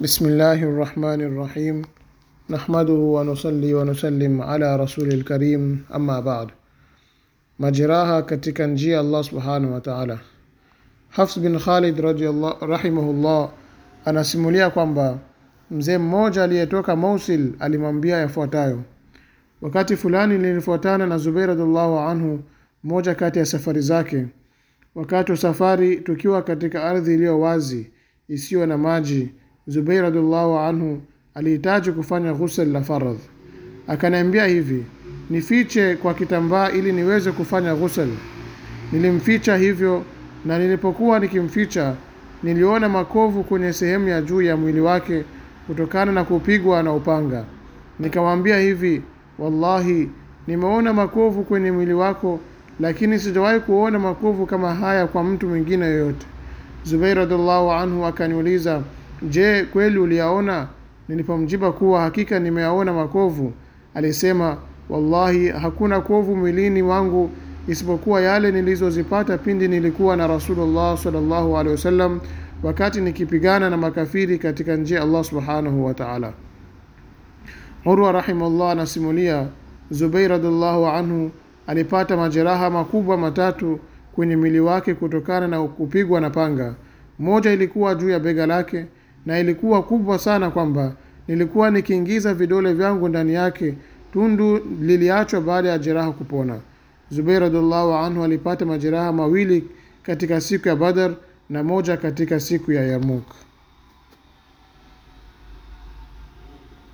bismillahi rahmani rahim nahmaduhu نحمده ونصلي ونسلم ala rasulil karim amma ba'd majeraha katika njia allah subhanahu wataala taala hafs bin khalid rahimahullah anasimulia kwamba mzee mmoja aliyetoka mousil alimwambia yafuatayo wakati fulani nilifuatana na zubeir radiallahu anhu moja kati ya safari zake wakati wa safari tukiwa katika ardhi iliyo wazi isiyo na maji Zubair radhiallahu anhu alihitaji kufanya ghusl la faradh, akaniambia hivi, nifiche kwa kitambaa ili niweze kufanya ghusl. Nilimficha hivyo, na nilipokuwa nikimficha niliona makovu kwenye sehemu ya juu ya mwili wake kutokana na kupigwa na upanga. Nikamwambia hivi, wallahi nimeona makovu kwenye mwili wako, lakini sijawahi kuona makovu kama haya kwa mtu mwingine yoyote. Zubair radhiallahu anhu akaniuliza Je, kweli uliyaona? Nilipomjiba kuwa hakika nimeyaona makovu, alisema wallahi, hakuna kovu mwilini wangu isipokuwa yale nilizozipata pindi nilikuwa na Rasulullah sallallahu alaihi wasallam wakati nikipigana na makafiri katika njia Allah subhanahu wa ta'ala. Urwa rahimahullah anasimulia Zubair radhiallahu anhu alipata majeraha makubwa matatu kwenye mwili wake kutokana na kupigwa na panga. Moja ilikuwa juu ya bega lake, na ilikuwa kubwa sana kwamba nilikuwa nikiingiza vidole vyangu ndani yake tundu liliachwa baada ya jeraha kupona zubeir radillahu anhu alipata majeraha mawili katika siku ya badar na moja katika siku ya yamuk